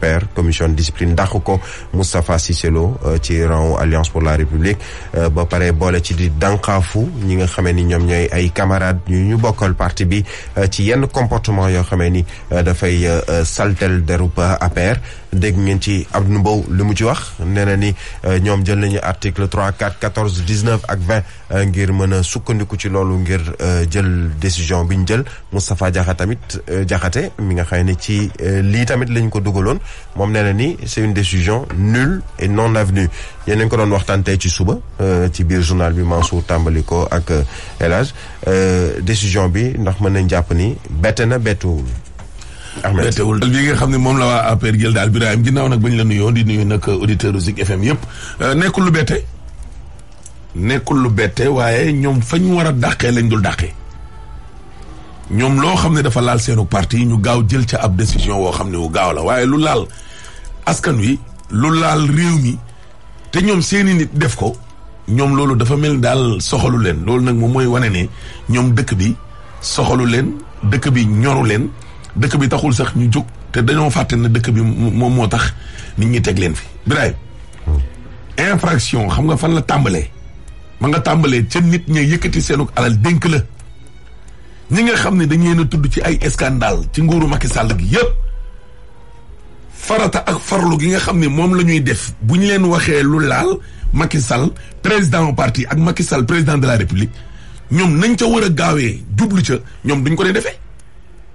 APR commission discipline dàq ko Moustapha Cissé Lo euh, ci rang alliance pour la république euh, ba pare boole ci di dànkaafu ñi nga xamee ni ñoom ñooy ay camarades ñu ñu bokkal partie bi euh, ci yenn comportement yoo xamee ni dafay saltel derub APR dégg ngeen ci Abdou Mbow li mu ci wax nee na ni ñoom jël nañu article 3 4 14 19 ak 20 ngir mën a sukkandiku ci loolu ngir jël décision bi ñu jël Moustapha Diakha tamit Diakhaté mi nga xam ni ci lii tamit lañ ko dugaloon moom nee na ni c'est une décision nul et non avenue yéen ko doon waxtaan tey ci suba euh, ci biir journal bi Mansour tàmbali ko ak euh, El Hadj euh, décision bi ndax mën nañ jàpp ni bette na bettuwul bettewul daal bi nga xam ne moom la waa APR jël daal bi Birahim ginnaaw nag bañ la nuyoo di nuyu nag auditeurs Zik FM yëpp nekkul lu bette nekkul lu bette waaye ñoom fañ war a dàqee lañ dul dàqee ñoom loo xam ne dafa laal seenu parti ñu gaaw jël ca ab décision woo xam ne wu gaaw la waaye lu laal askan wi lu laal réew mi te ñoom seeni nit def ko ñoom loolu dafa mel ni daal soxalu leen loolu nag moom mooy wane ne ñoom dëkk bi soxalu leen dëkk bi ñoru leen dëkk bi taxul sax ñu jóg te dañoo fàtte na dëkk bi moom moo tax nit ñi teg leen fi Birahim infraction xam nga fan la tàmbalee ma nga tàmbalee ca nit ña yëkkati seenu alal dénk la ñi nga xam ne dañ leen a tudd ci ay scandale ci nguuru Macky Sall gi yëpp farata ak farlu gi nga xam ne moom la ñuy def bu ñu leen waxee lu laal Macky Sall président au parti ak Macky Sall président de la république ñoom nañ ca war a gaawee jublu ca ñoom duñ ko dee defee.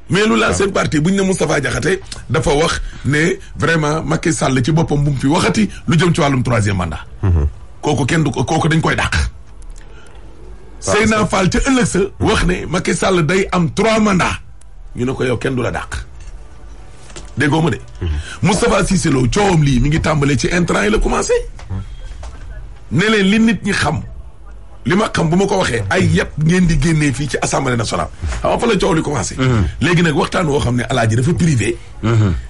mais lu laal seen partie bu ñu ne Moustapha Diakhaté dafa wax ne vraiment Macky Sall ci boppam bu mu fi waxati lu jëm ci wàllum troisième mandat. Mhm. kooku kenn du ko kooku dañ koy dàq. Seyna Fall ca ëllëg sa wax ne Macky sàll day am trois mandats ñu ne ko yow kenn du la dàq déggoo ma de mhm. Moustapha Cissé lii mi ngi tàmbalee ci intrant yi la commencé mhm. ne li nit ñi xam li ma xam bu ma ko waxee ay yëpp ngeen di génnee fii ci assemblée nationale xam nga la coow li commencé mhm. léegi nag waxtaan woo xam ne alaaji dafa privé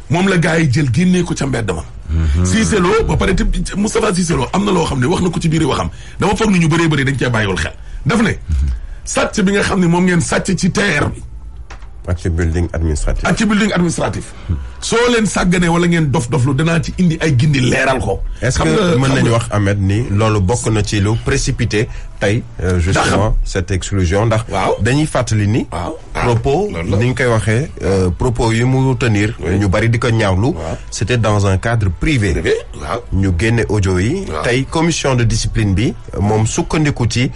moom la gars yi jël génnee ko ca mbedd ma Cissé Lo ba Lo am na loo xam ne wax na ko ci biir waxam dama foog ni ñu bëree bëri dañ cee bàyyiwul xel daf ne sàcc bi nga xam ni moom ngeen sàcc ci terre bi ak ci building administratif. ak ci building administratif. soo leen sàgganee wala ngeen dof-doflu danaa ci indi ay gindi leeral ko. est-ce que mën nañu wax Ahmed ni loolu bokk na ci lu précipité tey. Euh, justement cette exclusion ndax. waaw dañuy fàttali ni. Ah, propos ni ñu koy waxee euh, propos yi mu tenir. ñu bari di ko ñaaw ñaawlu. c'était dans un cadre privé. ñu génne audio yi. tey commission de discipline bi euh, moom sukkandiku ci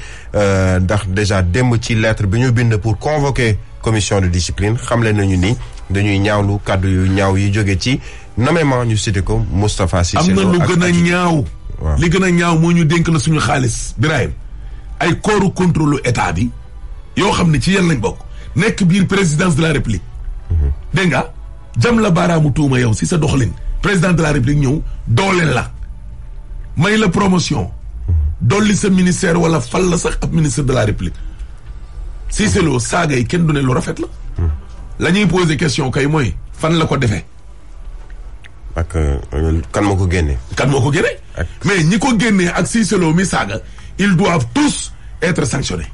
ndax déjà démb ci lettre bi ñu bind pour convoquer. commission de discipline xamle nañu ni dañuy ñaawlu kàddu yu ñaaw yi jóge ci nommément ñu cité ko Moustapha Cissé am na lu gën a ñaaw li gën a ñaaw moo ñu dénk na suñu xaalis Birahim ay corps contrôle état bi yoo xam ne ci yéen lañ bokk nekk biir présidence de la république mhm. dégg nga jam la baaraamu tuuma yow si sa doxalin président de la république ñëw doole la may la promotion mhm. dolli sa ministère wala fal la sax ab ministre de la réplique Cissé Lo saaga yi kenn du ne lu rafet la. la ñuy posé question kay mooy fan la ko defee. ak euh, kan moo ko génnee. kan moo ko génnee. mais ñi ko génnee ak Cissé Lo mi saaga ils doivent tous être sanctionnés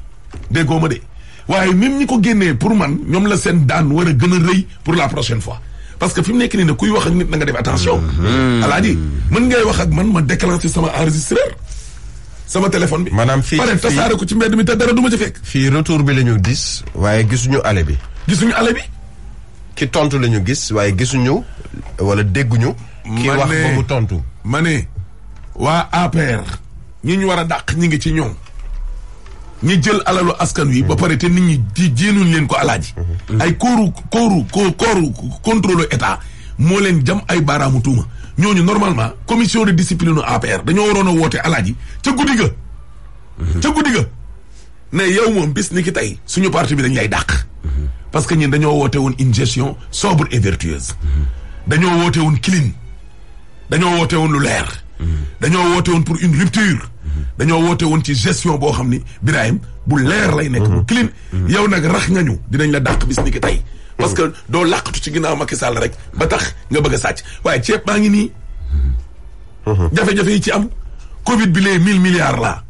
déggoo ma de waaye même ñi ko génnee pour man ñoom la seen daan war a gën a rëy pour la prochaine fois. parce que fi mu nekk nii ne kuy wax ak nit na nga def attention. Mm-hmm. alaaji mën ngay wax ak man ma déclenché sama enregistreur. sama téléphone bi. maanaam fii pare tasaare ko ci mbedd mi te dara du ma ci fekk. fii retour bi la ñu gis waaye gisuñu ale bi. gisuñu ale bi. ki tontu lañu gis waaye gisuñu wala dégguñu. ki wax mu tontu. ma ne waa APR. ñi ñu war a dàq ñi ngi ci ñoom. ñi jël alalu askan wi. ba mhm. pare te nit ñi di jéenuñ leen ko alaaji. Mhm. ay kóoru kóoru kóoru contrôle état moo leen jam ay baaraamu tuuma. ñooñu normalement commission de discipline APR dañoo waroona a woote alaaji ca guddi ga. ca guddi ga ne yow moom bis ni ki tey suñu parti bi dañ lay dàq. parce que ñun dañoo woote woon une gestion sobre et vertueuse. dañoo woote woon clean. dañoo woote woon lu leer. dañoo woote woon pour une rupture. dañoo woote woon ci gestion boo xam ni Birahim bu leer lay nekk. clean yow nag rax nga ñu dinañ la dàq bis ni ki tey. parce que doo làqatu ci ginnaaw Macky sàll rek ba tax nga bëgg a sàcc waaye ceeb baa ngi nii. jafe-jafe yi ci am Covid bi lee mille milliards laa.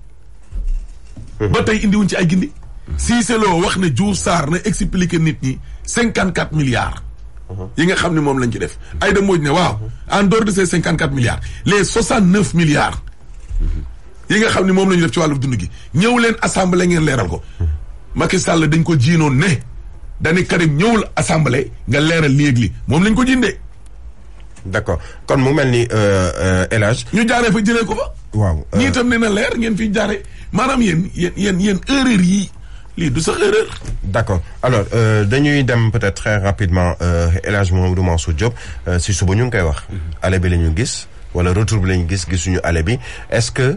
ba tey indiwuñ ci ay gindi. Cissé Lo wax ne Diouf saar na expliquer nit ñi cinquante quatre milliards. yi nga xam ne moom lañ ci def. Aïda Mbodj ne waaw en dehors de ces cinquante quatre milliards les soixante neuf milliards. yi nga xam ne moom la ñu def ci wàllu dund gi ñëw leen assemblée ngeen leeral ko. Macky Sall dañ ko jiinoon ne. dañu Karim ñëwul assemblée nga leeral lii ak moom lañ ko jindee. d'accord kon mu mel ni euh, euh, El Hadj ñu jaaree fa jëlee ko fa. waaw euh, ñii itam nee na leer ngeen fi jaaree maanaam yéen yéen yéen yéen yi lii du sax erreur. d'accord alors dañuy dem peut-être très rapidement El du Mamadou Mansour Diop si suba ñu ngi koy wax. ale bi lañu gis. wala retour bi lañu gis gisuñu ale bi est-ce que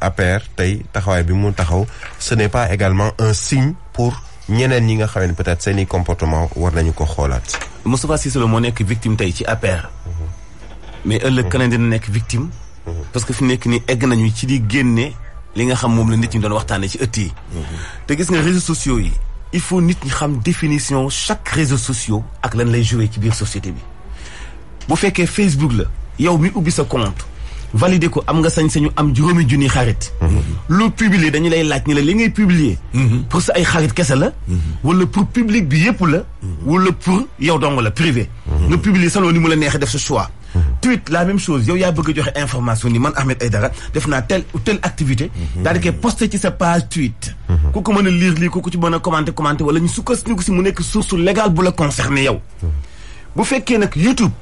APR tey taxawaay bi mu taxaw ce n'est pas également un signe pour. ñeneen ñi nga xam ne peut-être seen i comportement war nañu ko xoolaat. Moustapha Cissé Lo nekk victime tey ci APR. mais ëllëg mhm. keneen dina nekk victime. Mhm. parce que fi nekk nii egg nañu ci di génne li nga xam moom la nit ñi doon waxtaanee ci ëtt yi. Mhm. te gis nga réseaux sociaux yi il faut nit ñi xam définition chaque réseau sociaux ak lan lay joué ci biir société bi bu fekkee Facebook la yow mi ubbi sa compte. validé ko am nga sañ-sañu am juróomi junni xarit. loo publier dañu lay laaj ni la li ngay publier. Mhm. pour sa ay xarit kese la. Mhm. wala pour public bi yëpp la. Mhm. wala pour yow dong la privé. nga publier salon ni mu la neexee def sa choix. tweet la même chose yow yaa bëgg a joxe information ni man Ahmed dara def naa telle ou activité. daal di koy ci sa page tweet. ku ko mën a liir lii ku ko ci mën a commenté commenté wala ñu sukkandiku si mu nekk source légale bu la concerné bu fekkee nag YouTube.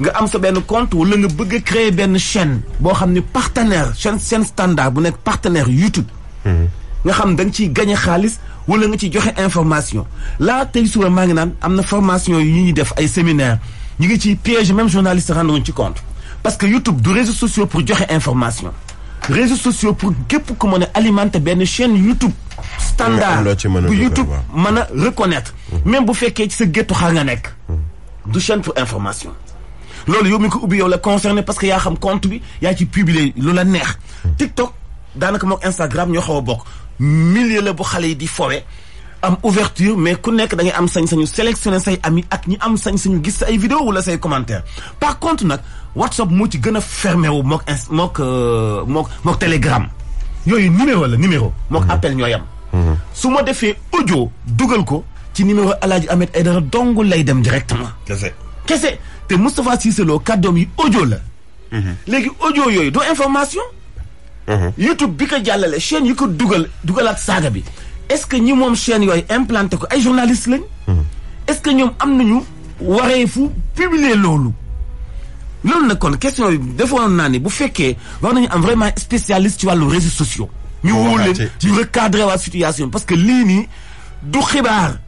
nga am sa benn compte wala nga bëgg a créer benn chaine boo xam ne partenaire chaîne seen standard bu nekk partenaire YouTube. nga xam da nga ciy gagné xaalis wala nga ciy joxe information laa tey suba maa ngi naan am na formation yu ñuy def ay séminaire ñu ngi ciy piège même journaliste rendruñ ci compte parce que YouTube du réseaux sociaux pour joxe information réseaux sociaux pour képp ku mën a alimenter benn chaine YouTube standard bu YouTube mën a reconnaître mhm. même bu fekkee ci sa géttu xaar nga nekk mhm. du chaîne information loolu yow mi ko ubbi yow la concerné parce que yaa xam compte bi yaa ci publier lu la neex. TikTok daanaka moog Instagram ñoo xaw a bokk milieu la bu xale yi di fowe am ouverture mais ku nekk da am sañ-sañu sélectionner say ami ak ñi am sañ-sañu gis sa ay vidéo wala say commentaire par contre nag WhatsApp moo ci gën a fermé wu moog ins moog euh, moog moog Telegram yooyu numéro la numéro. mook mhm. appel ñooy am. Mhm. su ma defee audio dugal ko ci numéro El Hadj ay Aidara dong lay dem directement. kese te Moustapha Cissé Lo kàddoom yi audio la. Mhm. léegi audio yooyu doo information. Mhm. YouTube bi ko jàllale chaîne yi ko dugal dugalaat saaga bi est-ce que ñi moom chaîne yooyu implanté ko ay journalistes lañ. Mhm. est-ce que ñoom am nañu wareefu publier loolu. loolu nag kon question bi defoon naa ne bu fekkee war nañu am vraiment spécialiste ci wàllu réseaux sociaux. ñu wóor leen ñu waa situation parce que lii nii du xibaar.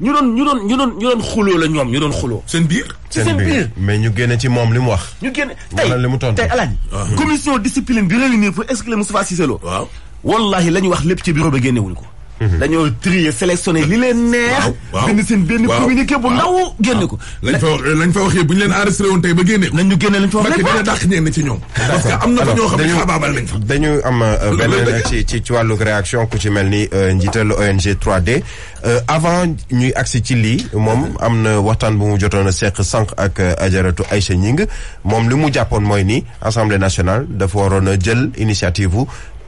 ñu doon ñu doon ñu doon ñu xuloo la ñoom ñu doon xuloo. seen biir ci biir mais ñu génne ci moom li mu wax. ñu génne tey wala mu tontu tey Alaaji ah. commission discipline bi réunir pour exclure Moustapha Cissé Lo. waaw wallaahi la ñu wax lépp ci bureau ba génnewuñ ko. Mhm. dañoo trier sélectionné li leen neex. benn seen benn communiqué bu ndaw génne ko. lañ fa eh, lañ fa waxee bu ñu leen enregistré woon tey ba génne ko. nañ ñu génne lañ fa wax rek dina dàq ñenn ci ñoom. parce am na fa ñoo xam ne xaabaabal am euh, ci ci ci wàllug réaction ku ci mel ni euh, njiital ONG 3D euh, avant ñuy agsi ci lii moom am na waxtaan bu mu jotoon a seq sànq ak ajaratu Aïcha Ñing moom li mu jàppoon mooy ni assemblée nationale dafa waroon a jël initiative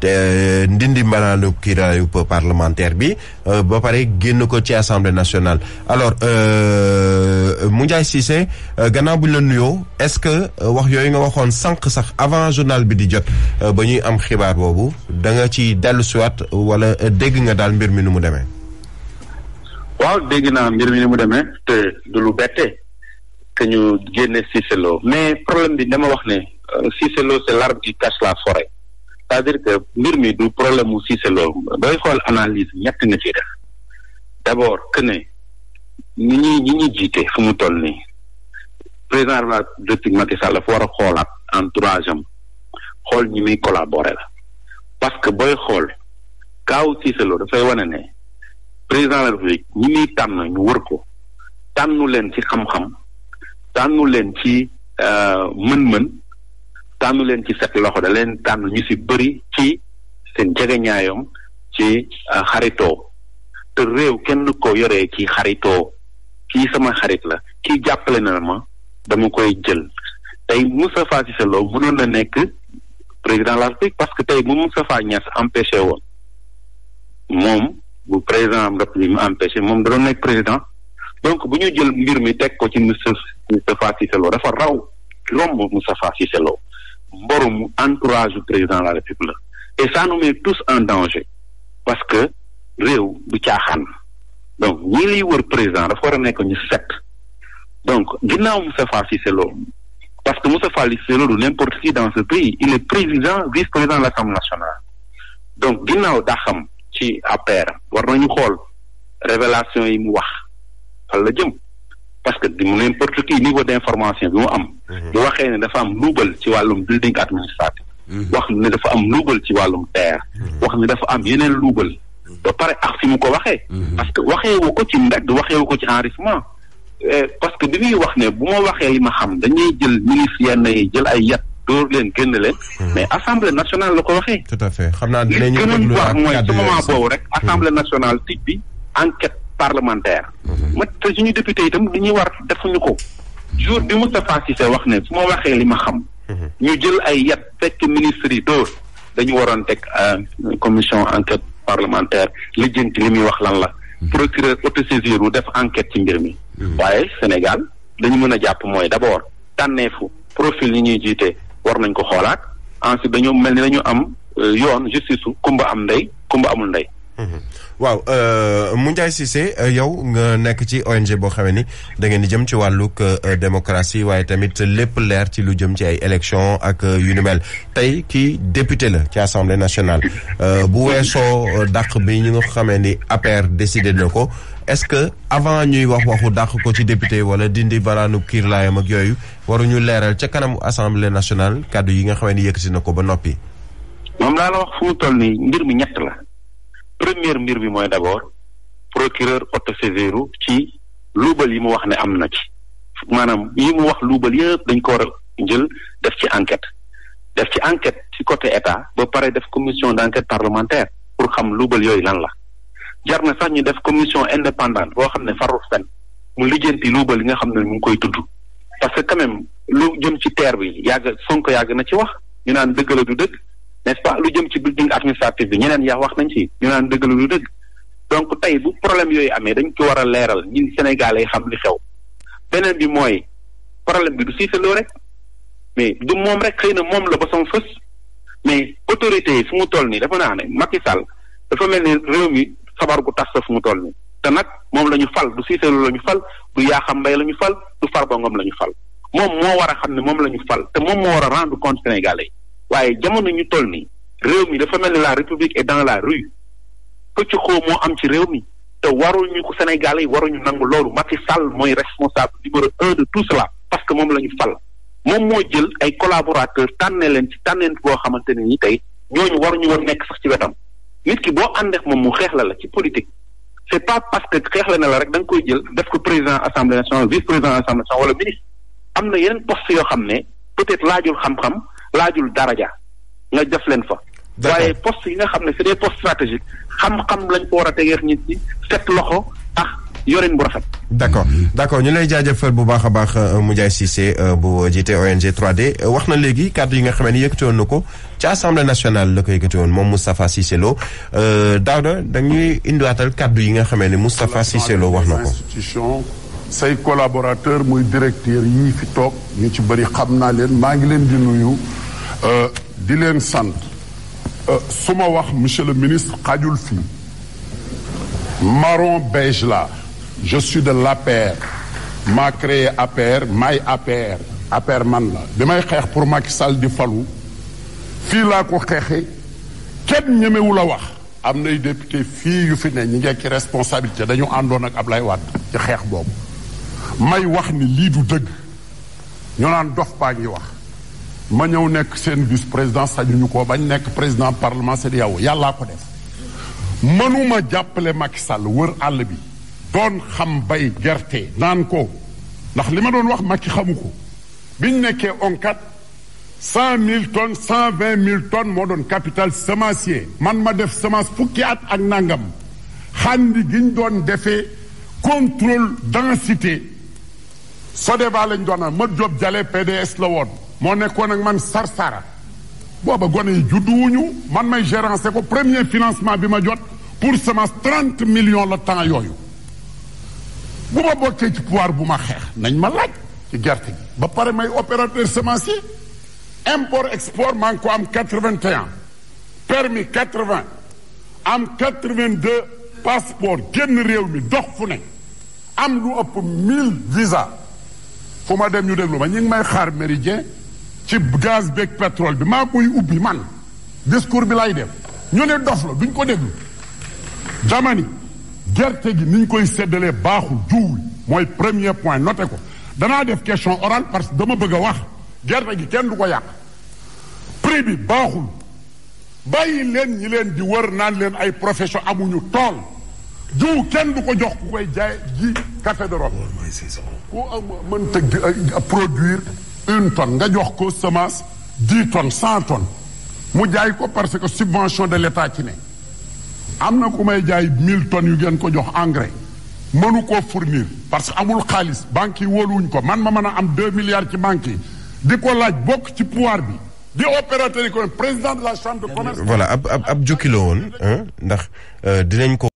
te ndindi mbanaanu kiraayu parlementaire bi euh, ba pare génn ko ci assemblée nationale alors euh, Moundiaye Cissé euh, gannaaw bu la nuyoo est-ce que wax yooyu nga waxoon sànq sax avant journal bi di jot ba ñuy am xibaar boobu da nga ci dellu siwaat wala dégg nga daal mbir mi nu mu demee. waaw dégg naa mbir mi ni mu demee te du lu bette que ñu génne Cissé Lo mais problème bi dama wax ne Cissé Lo c'est l'arbre qui la forêt. cest dire que mbir mi du problème mu Cissé Lo dooy xool analyse ñett nga ciy def d'abord que ne ñi ñuy ñi ñuy jiite fu mu toll nii président de la République Macky dafa war a xoolaat entourage am xool ñi muy collaborer la parce que booy xool kaaw Cissé Lo dafay wane ne président de la République ñi muy tànn ñu wër ko tànnu leen ci xam-xam tànnu leen ci euh, mën-mën tànnu leen ci set loxo da leen tànn ñu si bëri ci seen jegeñaayam ci euh, xaritoo te réew kenn ko yoree ci xaritoo kii sama xarit la kii jàppale na ma dama koy jël tey Moustapha Cissé Lo mënoon na nekk président de la République parce que tey bu Moustapha Niass empêché woon moom bu président de la République mu empêché moom da nekk président donc bu ñu jël mbir mi teg ko ci Moustapha Cissé Lo dafa raw romb Moustapha Cissé Lo mboromu entourage du président de la république la et ça nous met tous en danger parce que réew du caaxaan donc ñii liy war président dafa war a nekk ñu set donc ginnaaw Moustapha Cissé Lo parce que Moustapha Cissé Lo du n'importe qui dans ce pays il est président vice-président de l'Assemblée nationale donc ginnaaw daa xam ci APR war na ñu xool révélation yi mu wax fan la jëm parce que di mu n'importe qui niveau d' information bi mu am mhm. bu waxee ne dafa am luubal ci wàllum building administratif mhm. wax ne dafa am luubal ci wàllum terre mhm. wax ne dafa am yeneen luubal ba pare ak fi mu ko waxee parce que waxeewu ko ci mbedd waxeewu ko ci enrichissement eh, parce que bi muy wax ne bu ma waxee li ma xam dañuy jël ministre yenn yi jël ay yat dóor leen génn leen mais assemblée nationale la ko waxee tout à xam naa dinañu li gën a wax mooy boobu rek assemblée nationale tij bi enquête parlementaire. Mhm. ma te suñu député itam li ñuy war defuñu ko. jour bi Moustapha se wax ne su ma waxee li ma xam. Mhm. ñu jël ay yat fekk ministre yi dóor dañu waroon teg euh, commission enquête parlementaire lijjanti li muy wax lan la. Mhm. procureur autosaisir wu def enquête ci mbir mi. waaye Sénégal dañu mën a jàpp mooy d' abord tànneefu profil yi ñuy jiite war nañ ko xoolaat ensuite dañoo mel ni dañu am euh, yoon justice su kumba am ndey kumba amul ndey. Mm-hmm. waaw mu euh, Moundiaye Cissé euh, yow nga nekk ci ONG boo xamee ni da ngeen di jëm ci wàllug euh, démocratie waaye tamit lépp leer ci lu jëm ci ay élection ak yu ni mel tey kii député la ci assemblée nationale bu weesoo dàq bi ñu nga xamee ni APR décidé na ko est-ce que avant ñuy wax waxu dàq ko ci député wala dindi baraanu kiirlaayam ak yooyu waruñu leeral ca kanamu assemblée nationale kàddu yi nga xamee ni yëkkati na ko ba noppi. moom laa la wax fu nii mbir mi ñett première mbir bi mooy d'abord procureur autosaisiru ci luubal yi mu wax ne am na ci maanaam yi mu wax luubal yëpp dañ ko war a jël def ci enquête def ci enquête ci côté état ba pare def commission d'enquête parlementaire pour xam luubal yooyu lan la jar na sax ñu def commission indépendante boo xam ne farul fenn mu lijjanti luubal yi nga xam ne mu ngi koy tudd parce que quand même lu jëm ci terre bi yàgg Sonko yàgg na ci wax ñu naan dëgg la du dëkk n'est-ce pas lu jëm ci building administratif bi ñeneen yaa wax nañ ci ñu naan dëgg lu dëgg donc tey bu problème yooyu amee dañu ko war a leeral ñun Sénégalais xam li xew beneen bi mooy problème bi du siiseloo rek mais du moom rek xëy na moom la ba sama fës mais autorités yi fu mu toll nii dafa naa ne Macky Sall dafa mel ni réew mi sabar gu tas fu mu toll nii te nag moom la ñu fal du siiseloo la ñu fal du yaaxam mbay la ñu fal du Farba Ngom la ñu fal moom moo war a xam ne moom la ñu fal te moom moo war a rendre compte Sénégalais yi waaye jamono ñu toll nii réew mi dafa mel ni la république est dans la rue pëcc xoo moo am ci réew mi te waruñu ko Sénégal yi waruñu nangu loolu yi Sall mooy responsable numéro un de tout cela parce que moom lañu ñu fal moom moo jël ay collaborateurs tànne leen ci tànneen boo xamante ne ni tey ñooñu waruñu woon nekk sax ci wetam nit ki boo àndeex moom mu xeex la ci politique c'est pas parce que xeex la rek da nga koy jël def ko président assemblée nationale vice président assemblée wala ministre am na yeneen poste yoo xam ne peut-être laajul xam-xam laajul daraja nga def leen fa. waaye poste yi nga xam ne c'est des postes stratégiques xam-xam lañ ko war a tegeex nit ñi set loxo ak yorin bu rafet. d' accord d' accord ñu lay jaajëfal bu baax a baax euh, Moundiaye Cissé euh, bu jiite ONG 3D euh, wax na léegi kàddu yi nga xam ne yëkkati woon na ko ci assemblée nationale la ko yëkkati woon moom Moustapha Cissé Lo Daouda da indiwaatal kàddu yi nga xam ne Moustapha Cissé Lo wax na ko. say collaborateur muy directeur yii fi toog ñu ci bëri xam naa leen maa ngi leen di nuyu euh, di leen sant euh, su ma wax monsieur le ministre xajul fii maron beige la je suis de l'APR maa créé APR maay APR APR man la bi may xeex pour Macky Sall di falu fii laa ko xeexe kenn ñemewu la wax am nay député fii yu fi ne ñi ngekki responsabilité dañu àndoon ak Ablaye Wade ci xeex boobu may wax ni lii du dëgg ñoo naan dof baa ngi wax ma ñëw nekk seen vice président sañu ñu ko bañ nekk président parlement CEDEAO yàllaa ko def mënuma jàppale Macky Sall wër àll bi doon xam bay gerte naan ko ndax li ma doon wax Macky xamu ko bi ñu nekkee ONCAD cent mille tonnes cent vingt mille tonnes moo doon capital semencier man ma def semence fukki at ak nangam xandi giñ doon defee contrôle densité Sodeva lañ doon am ma Diop Jale PDS la woon moo nekkoon ak man Sarsara booba gone yi judduwuñu man may gérance ko premier financement bi ma jot pour semence trente million la temps yooyu bu ma bokkee ci pouvoir bu ma xeex nañ ma laaj ci gerte gi ba pare may opérateur semencier import export maa ngi ko am quatre vingt et un permis quatre vingt am quatre vingt deux passeport génn réew mi dox fu ne am lu ëpp mille visa fu ma dem ñu déglu ma ñu ngi may xaar méridien ci gaz beeg pétrole bi maa koy ubbi man discours bi lay def ñu ne dof la duñ ko déglu jamani gerte gi niñ koy seddalee baaxul juuwul mooy premier point noté ko danaa def question oral parce que dama bëgg a wax gerte gi kenn du ko yàq prix bi baaxul bàyyi leen ñi leen di wër naan leen ay profession amuñu tool jiw kenn du ko jox ku koy jaay ji café de Rome ku mënta produire une tonne nga jox ko semence di tonnes cent tonnes mu jaay ko parce que subvention de l'état ci ne am na ku may jaay mille tonnes yu ngeen ko jox engrais mënu koo fournir parce que amul xaalis banques yi wóoluwuñ ko man ma mën a am deux milliards ci banques yi di ko laaj bokk ci pouvoir bi di opérateur yi kon président de la chambre de commerce. voilà ab ab ab jokki la woon ndax euh, dinañ ko.